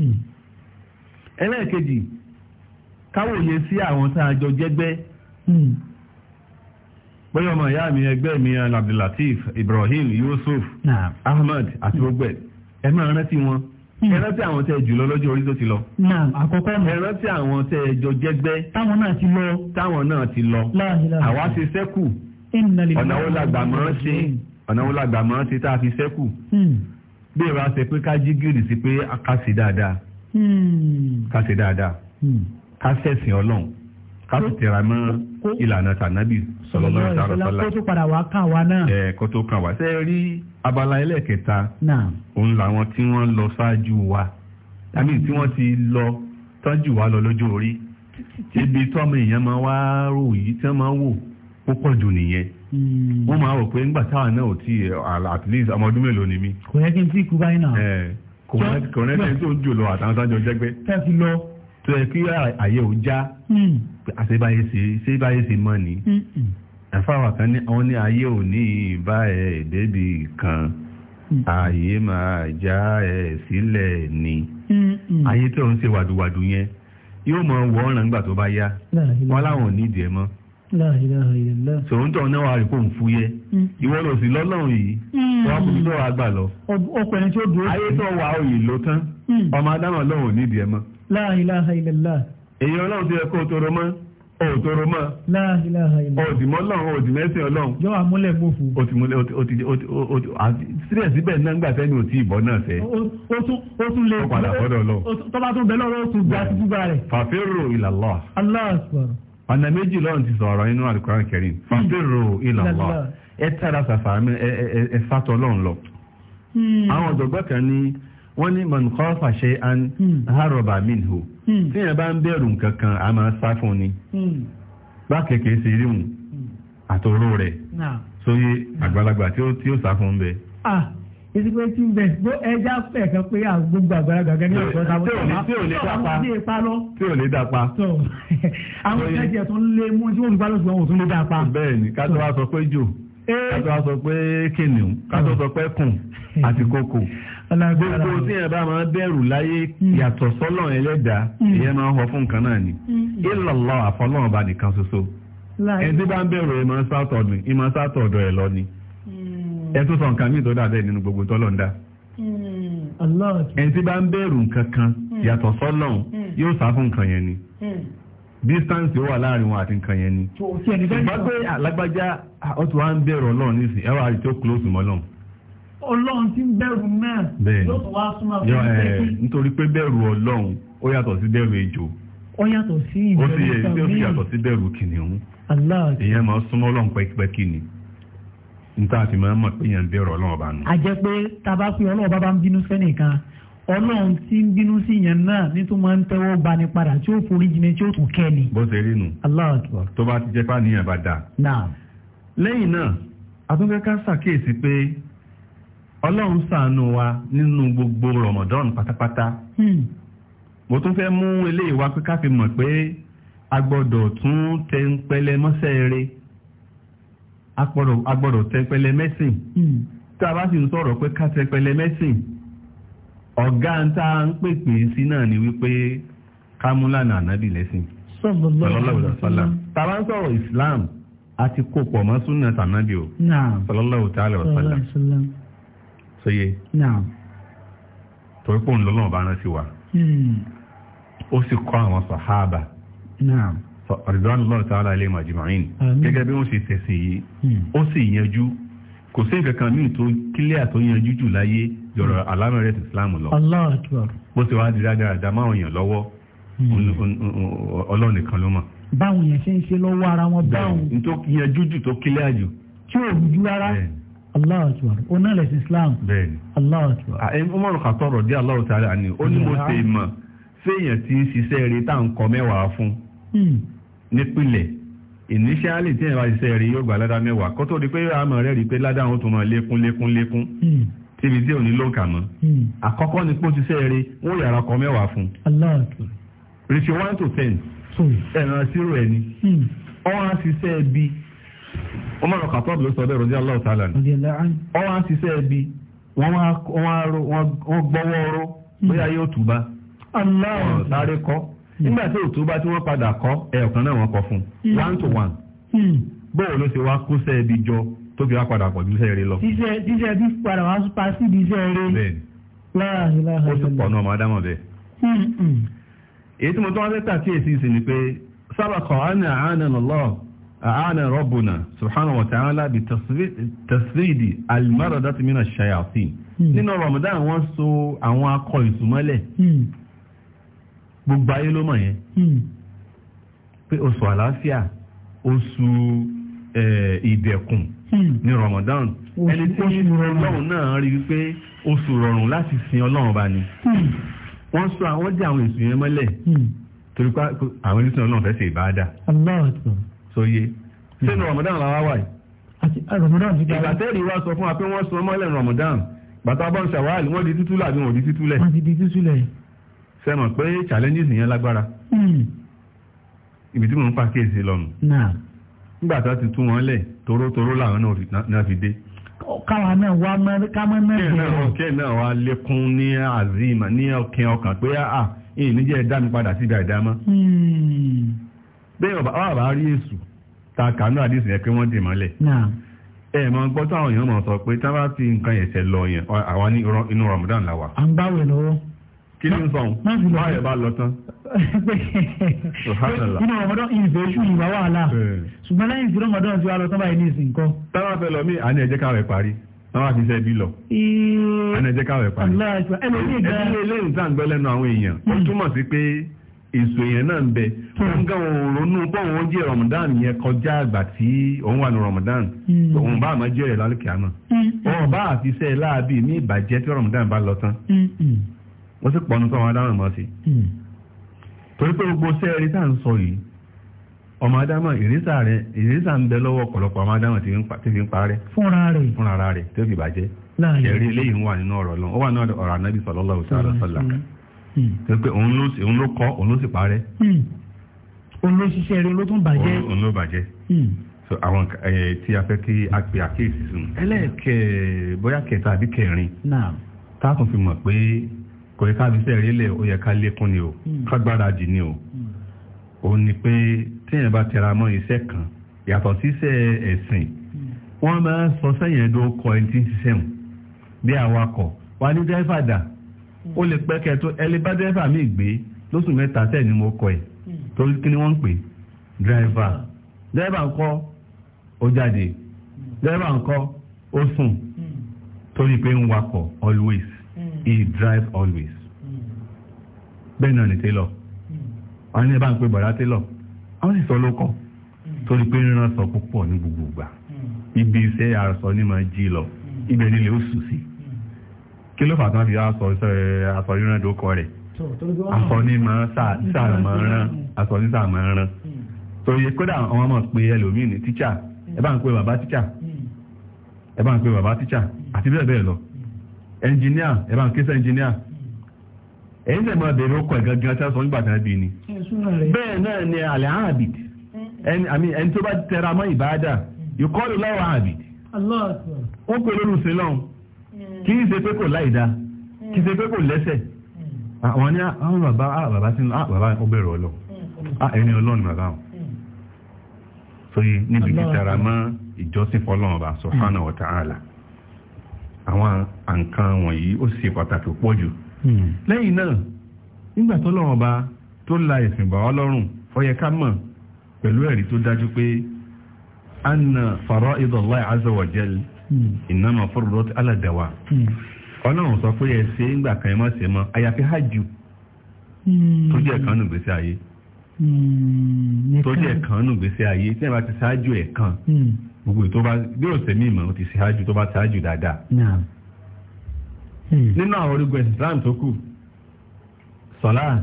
Hmm. ẹlẹ́ẹ̀kejì káwòye sí àwọn tá a jọ jẹ́gbẹ́ hmm. bóyá ọmọ ìyá mi ẹgbẹ́ mi Abdulateef Ibrahim Yusuf Ahmed àti gbogbo ẹ máa rántí wọn hmm. ẹ rántí àwọn tẹ jùlọ lọ́jọ́ orí tó ti lọ. àkọ́kọ́ mi. ẹ rántí àwọn tẹ jọ jẹ́gbẹ́. táwọn náà ti lọ. táwọn náà ti lọ. àwa ti ṣẹ́kù. ọ̀nà wo làgbà mọ́ ṣe ọ̀nà wo tá a fi ṣẹ́kù bí ìrà ṣe pé ká jí gìrì sí pé ká ṣe dáadáa hmm. ká ṣe dáadáa hmm. ká ṣẹ̀sìn ọlọ́run ká sì tẹ̀ra mọ́ ìlànà tànábì sallallahu alaihi wasallam kó tó padà wá kàn wá náà. ẹ kó tó kàn wá. ṣé ẹ rí abala ẹlẹ́kẹta òun làwọn tí wọ́n lọ ṣáájú wa tàbí tí wọ́n ti lọ tọ́jú wa lọ lọ́jọ́ orí ibi tọ́mọ èèyàn máa wá rò yìí tí wọ́n máa wò ó pọ̀ nìyẹn Hmm. wọ́n máa wọ̀ pé ńgbà táwọn náà ò tí at least ọmọ ọdún mélòó ni mí. kò yẹ kí n tí kú báyìí náà. kò rẹ́ tẹ́ni tó ń jò lọ àtàwọn sáájọ jẹ́gbẹ́. tẹ́sí lọ. tó yẹ kí àyè ò já àṣebáyé hmm. ṣe mọ́ ni. àfáwà kan ní àwọn ní ayé ò ní ìbá ẹ̀ débi kan ààyè máa já ẹ sílẹ̀ ni ayé tó ń ṣe wàdùwàdù yẹn yóò mọ wọ ọ̀ràn nígbà tó bá yá wọn láwọn ò ní ìdí ẹ mọ́ sòun tó náà wà rí kó n fú yẹ hmm. ìwọ lò sí lọ́lọ́run yìí hmm. wọ́n kò tó wà gbà lọ. ọkùnrin tí ó dúró sí. ayé tó wà òyì ló tán hmm. ọmọ adámọ̀ lọ́wọ́ nídìí ẹ mọ́. La ilaha illallah. èyí ọlọ́run ti yẹ kó toro mọ́ òtoro mọ́. La ilaha illallah. òdìmọ́ lọ́run òdìmẹ́sìn ọlọ́run. yọ àmúlẹ̀ gbòfò. òtìmúlẹ̀ òtì òtì síbẹ̀síbẹ̀ náà gbà fẹ́ ni òtí ìbọn náà fẹ́. ó tún lè. ó padà fọ́dọ̀ lọ. tọ́ba tún bẹ lọ́rọ́ ó tún gbà ọ̀nà méjì lọ́run ti sọ̀rọ̀ inú Al-Qur'an Karim fàbírò ila Allah ẹ tẹ́ra sàfà ẹ sátọ̀ lọ́run lọ. Hmm. àwọn ọ̀dọ̀gbọ́n kan ní wọ́n ní man khafa shay'an hmm. haraba minhu hmm. tí yẹn bá ń bẹ̀rù nǹkan kan a máa sá fún ni bá kẹ̀kẹ́ sí ríhùn àtòrò rẹ̀ sóyè àgbàlagbà tí ó sá fún bẹ́ẹ̀. Ah ìsìnkú etí ń bẹ bó ẹja fẹ̀kan pé à gbogbo àgbàlagbà gẹ́gẹ́ ní ọ̀dọ́ táwọn tí ò lè dapa tí ò lè dapa. àwọn ìdájẹ́ tó ń lé mú tí wọ́n ń gbá lóṣù àwọn ò tún lè dapa. bẹ́ẹ̀ni ká tó wá sọ pé jò kátó sọ pé kìnìún kátó sọ pé kùn àti kòkò gbogbo tí yẹn bá máa bẹ̀rù láyé hmm. yàtọ̀ sọ́lọ̀ ẹlẹ́dàá hmm. ìyẹn máa ń họ fún nǹkan náà ni hmm. ìlọ̀lọ́ àfọlọ́ọ̀ba nìkan ṣoṣo ẹni tí bá ń bẹ̀rù ẹ̀ máa ń sátọ̀dọ̀ ẹ̀ lọ ni. ẹ tó sọ nǹkan míì tó dàbẹ́ nínú gbogbo tọ́lọ̀ ń dá bá ń bẹ̀rù nǹkan kan hmm. yàtọ̀ sọ́lọ́run hmm. yóò sá fún nǹkan yẹn ni hmm. distance yóò wà láàrin wọn àti nǹkan yẹn ni ṣùgbọ́n pé alágbájá ti wa ń bẹ̀rù ọlọ́run ẹ rí tó close mọ́ ọlọ́run ń bẹ̀rù náà yóò wá súnmọ́ fún nítorí pé bẹ̀rù ọlọ́run ó yàtọ̀ sí bẹ̀rù ejò. ó yàtọ̀ níta àti máa ń mọ̀ pé yẹn ń ọba nù. a jẹ́ pé taba pé ọlọ́run bá ń bínú sẹ́nìkan ọlọ́run tí ń bínú sí yẹn náà ní tó máa ń tẹ́wọ́ gba ni padà tí ó forí jìnnà tí ó tún kẹ́ ni. bó ṣe rí nu tó bá ti jẹ́ fàníyàn bá dà. lẹ́yìn náà atúnkẹ́ká ṣàkíyèsí pé ọlọ́run ṣàánú wa nínú gbogbo rọmọdọ́n pátápátá hmm. mo tún fẹ́ mú eléyìí wá pé ká fi mọ̀ pé a gbọ́dọ̀ tún tẹ́ ń pẹ́lẹ́ mọ́sẹ́ rẹ̀ agbọ́dọ̀ tẹpẹlẹ mẹ́sìn hmm. tá a bá sì ń sọ̀rọ̀ pé ká tẹpẹlẹ mẹ́sìn ọ̀gá ń tá a ń pèpè sí náà ni wípé kámúlànà ànábì lẹ́sìn tàbá ń sọ̀rọ̀ Islam àti kò pọ̀ mọ́ súnà tànábì o sallallahu ta'ala wa sallam sóye torí pé òun lọ́lọ́run bá rán sí wa hmm. ó sì kọ́ àwọn sàhábà. Ridwanullahi ta'ala alayhim ajma'in gẹ́gẹ́ bí wọ́n ṣe tẹ̀sí yìí hmm. ó sì yanjú kò sí nǹkan kan míì tó kílíà tó yanjú jù láyé jọ̀rọ̀ hmm. alámẹ̀rẹ̀ ti Islam lọ bó ṣe wá di dáadáa máa yàn lọ́wọ́ hmm. Ọlọ́run nìkan ló mọ̀. báwọn yẹn ṣe ń ṣe lọ́wọ́ ara wọn báwọn. n tó yanjú jù tó kílíà jù. tí ò rújú rárá Allahu akbar oná lẹ̀sìn Islam. bẹ́ẹ̀ni Allahu akbar. Umar Khattab radiyallahu ta'ala mo mọ̀ nípìnlẹ̀ ìníṣẹ́álì tí ìwà iṣẹ́ rí yóò gbà ládá mẹ́wàá kó tó di pé àmọ̀ rẹ̀ rí pé ládá àwọn tó mọ̀ lékún lékún lékún hmm. tíbi tí ò ní ló ń kà mọ́ hmm. àkọ́kọ́ ni pé ó ti ṣe rí wọ́n yàrá kọ mẹ́wàá fún rìṣẹ́ one to ten ẹ̀ràn zero ẹni ọ̀hún hmm. á ṣiṣẹ́ bí ọmọ ọ̀rọ̀ kàtọ́ọ̀bù ló sọ bẹ́ẹ̀ rọ́jà aláwọ̀ tààlà ni ọ̀hún á ṣiṣẹ́ bí wọ́n gbọ́wọ́ ọ̀rọ̀ bóyá yóò tùbá sáré kọ́ nígbà tí òtún bá tí wọ́n padà kọ́ ẹ̀ẹ̀kan náà wọ́n kọ fún hmm. one to one hmm. bóòwò ló ṣe wá kó ibi jọ tó fi wá padà pọ̀ ju iṣẹ́ rẹ lọ. iṣẹ́ bí padà wá pa sí ibi iṣẹ́ rẹ. ó sì pọ̀ náà máa dámọ̀ bẹ́ẹ̀. Hmm, èyí tí mo tún wá fẹ́ tà èsì ìsìn ni pé sábà kọ̀ ánà àánà lọ́lọ́ àánà rọ́bùnà subhanahu wa ta'ala bi tasiridi alimaradati mina shayasin. nínú Ramadan wọ́n so àwọn akọ ìsúnmọ́lẹ̀ gbogbo ayé ló mọ̀ yẹn hmm. pé oṣù àlàáfíà oṣù ìdẹ̀kùn hmm. ní Ramadan ẹni tí ọlọ́run náà rí wípé oṣù rọrùn láti sin ọlọ́run bá ni hmm. wọ́n sọ àwọn dí àwọn èsù yẹn mọ́lẹ̀ torí pé àwọn oníṣẹ́ ọlọ́run fẹ́ ṣe ìbáadà sóye sínú Ramadan làwa wà yìí ìgbà tẹ́rì wá sọ fún wa pé wọ́n sọ mọ́lẹ̀ Ramadan bàtà bọ́n ṣàwáàlì wọ́n di títúlẹ̀ àbí wọ́n di títúlẹ̀ ṣe mọ̀ pé challenges yẹn lágbára hmm. ibi tí mò ń pàkíyèsí lọ́nu nígbà tó ti tú wọn lẹ̀ torótoró làwọn náà fi dé káwa náà wá mọ́ ká mọ́ náà náà wá lékún ní azima ní ọkàn pé ah, ah, ìyìn níjẹ́ ẹ̀dá mi padà síbi àìdá mọ́ bẹ́ẹ̀ ọba ọba rí ta kàánú àdìsí yẹn pé wọ́n dì mọ́lẹ̀ ẹ mọ gbọ́ àwọn sọ pé bá nǹkan ẹ̀sẹ̀ lọ yẹn àwa ní inú Ramadan làwà. à ń kí ni sọ ọ́n báyẹ̀ bá lọ tán. inú ọmọdé ìfẹ́ ṣù ìwà wàhálà ṣùgbọ́n lẹ́yìn tí ọmọdé ti wà lọ tán báyìí ní ìsìn kọ́. tára fẹ́ lọ mí àní ẹ̀jẹ̀ káwẹ̀ parí wọ́n wá fi iṣẹ́ ibi lọ. àní ẹ̀jẹ̀ káwẹ̀ parí. ẹni ilé ìtàǹgbẹ́ lẹ́nu àwọn èèyàn ó hmm. túmọ̀ sí pé èso yẹn náà ń bẹ hmm. wọn gan òun ronú bọ́ọ̀ wọn jẹ́ Ramadan yẹn kọjá àgbà tí òun wà ní Ramadan hmm. òun bá àmọ́ jẹ́ rẹ̀ lálùkìá náà wọn bá àfiṣẹ́ láabi ní ìbàjẹ́ tí Ramadan bá lọ tán wọ́n sì pọ̀nù tọ́wọ́ adámọ̀ mọ́ sí hmm. torí pé gbogbo sẹ́ẹ̀rí tá ń sọ yìí ọmọ adámọ̀ ìrísà ń bẹ lọ́wọ́ ọ̀pọ̀lọpọ̀ ọmọ adámọ̀ tí fi ń parẹ́ fúnra rẹ̀ tó fi bàjẹ́ ẹ̀rí eléyìí wà nínú ọ̀rọ̀ lọ́wọ́ wà nínú ọ̀rọ̀ anábì sallallahu ta'ala sallam hmm. tó pé òun ló kọ́ òun ló sì parẹ́ hmm. òun ló ṣiṣẹ́ rẹ̀ ló tún bàjẹ́ òun ló bàjẹ́ so àwọn tí a fẹ́ kí a pè àkíyèsí sùn ẹlẹ́ẹ̀kẹ́ bóyá kẹta àbí kẹrin táà tún fi mọ̀ pé kò yẹ ká fi iṣẹ́ rí lẹ̀ ó yẹ ká lékún ni o hmm. kágbára dì ni o hmm. ó ní pé téèyàn bá tẹra mọ́ iṣẹ́ kan yàtọ̀ síṣẹ́ ẹ̀sìn hmm. wọ́n máa ń sọ sẹ́yìn ẹ̀dùn ọkọ̀ ẹni tí ń ṣiṣẹ́ hùn bí awakọ̀ wà ní dẹ́fà dà ó lè pẹ́ kẹ́tọ́ ẹni bá dẹ́fà mi gbé lóṣù mẹ́ta sẹ́yìn ni mo kọ ẹ̀ torí kí ni wọ́n ń pè dẹ́fà dẹ́fà ńkọ́ ó jáde dẹ́fà ńkọ́ ó sùn torí pé ń wakọ̀ always. he drive always bẹ́ẹ̀ náà tailor wọ́n ní bá ń bọ̀dá tailor wọ́n sì sọ torí pé sọ púpọ̀ ní gbogbo ìgbà ibi iṣẹ́ àròsọ ní máa jí lọ ibẹ̀ nílé ó sí kí ló fà tán fi aṣọ eh, dókọ rẹ̀ aṣọ ní máa hmm. aṣọ ní hmm. torí kódà àwọn ọmọ ẹnjìníà ẹ bá ń ké sí ẹnjìníà ẹ̀yìn tẹ̀ máa bẹ̀rẹ̀ ọkọ̀ ìgangan tí a sọ nígbà tàbí ni bẹ́ẹ̀ náà ni alẹ́ àbìd ẹni tó bá tẹra mọ́ ìbáadà ìkọlù lọ́wọ́ àbìd ó pè lórí sílọ́n hmm. kì í ṣe pé kò láìda kì í ṣe pé kò hmm. lẹ́sẹ̀ hmm. àwọn ní ah, àwọn bàbá ah, bàbá sínú ah, bàbá ó bẹ̀rẹ̀ ọlọ́ ẹni ọlọ́run bàbá wọn sóyè níbi títara mọ́ ìjọsìn fọlọ́run bá subhanahu wa ta'ala àwọn àǹkan wọ̀nyí ó ṣe pàtàkì pọ̀ jù. Hmm. lẹ́yìn náà nígbà tó lọ́wọ́ bá tó la ẹ̀sìn bá wa lọ́rùn ó yẹ ká mọ̀ pẹ̀lú ẹ̀rí tó dájú pé anna fara'id Allah azza wa jal hmm. innama furdat hmm. ọlọ́run sọ pé ẹ ńgbà kan ẹ má ṣe mọ́ àyàfi hajj tó jẹ́ kan nù gbèsè ayé tó jẹ́ kan nù gbèsè ayé tí gbogbo tó bá bí òsè mí mọ̀ ó ti ṣáájú tó bá ṣáájú dáadáa. Hmm. nínú àwọn orígun ẹ̀sìn Islam tó kù sọlá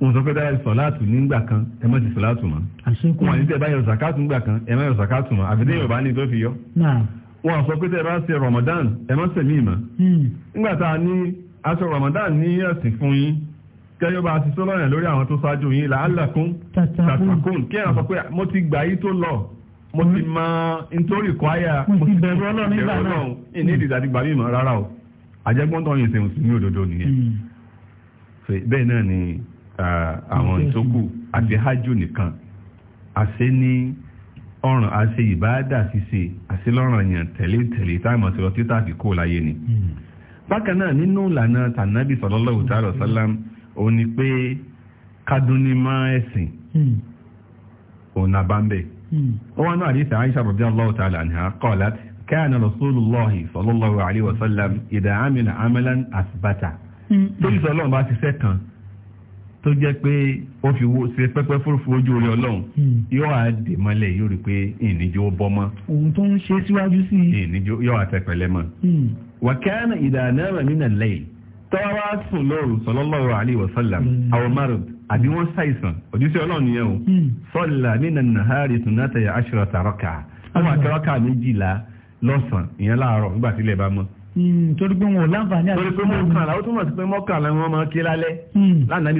wọn sọ pé dáyà sọláàtù nígbà kan ẹ má ti sọláàtù mọ́ wọn ní tẹ bá yọ zakatu nígbà kan ẹ má yọ zakatu mọ́ àfi déyìn ọba ní tó fi yọ wọn sọ pé tẹ bá ṣe Ramadan ẹ má ṣe mí mọ́ hmm. nígbà tá a ní aṣọ Ramadan ní ẹ̀sìn fún yín kẹyọ bá ti sọlọ yẹn lórí àwọn tó ṣáájú yín làálàkún tàtàkùn kí ẹ sọ pé mo ti gbà yí tó lọ mo ti mọ nítorí kwaya mo ti bẹ̀rù ọlọ́run nígbà náà ìní ìdìdàdì gbàmí mọ́ rárá o àjẹgbọ́n tó ń yin sèwọ̀n sí ní òdodo nìyẹn hmm. bẹ́ẹ̀ náà ni àwọn ìtókù àti hajj nìkan àṣẹ ní ọ̀ràn àṣẹ ìbáàdà ṣíṣe àṣẹ lọ́ràn yàn tẹ̀lé tẹ̀lé táìmọ̀ sí lọ títà àti kó láyé ni hmm. bákan náà nínú ìlànà tànàbì sallallahu ta'ala sallam hmm. òun ni pé kádùn ní máa ẹ̀sìn òun náà bá ń bẹ̀. Hmm. ó wá náà àdísà Aisha radiyallahu ta'ala anha qalat kana rasulullahi sallallahu alayhi wa sallam idha amila amalan asbata. Hmm. tó bí sọlọ́run bá ti ṣe kan tó jẹ́ pé ó fi wo ṣe pẹ́pẹ́ fúrufú ojú orí ọlọ́run hmm. yóò á dè mọ́lẹ̀ yóò rí pé ìníjó bọ́ mọ́. òun tó ń ṣe síwájú sí i. ìníjó yóò á tẹ pẹ̀lẹ́ mọ́. wa kana idha nama mina al-layl tọ́wọ́ sùn lóru sallallahu alayhi wa sallam aw marad àbí wọ́n ṣàìsàn òjíṣẹ́ ọlọ́run nìyẹn o hmm. sọ́ọ̀lá nínà nàhárì tùnátà yà áṣọ àtàrọ́kà àwọn àtàrọ́kà méjìlá lọ́sàn ìyẹn láàárọ̀ nígbà tí ilẹ̀ bá mọ́. Hmm, torí pé wọn ò láǹfààní àti. torí pé mọ́kànlá ó túmọ̀ sí pé mọ́kànlá wọn máa ké lálẹ́ hmm. lánàá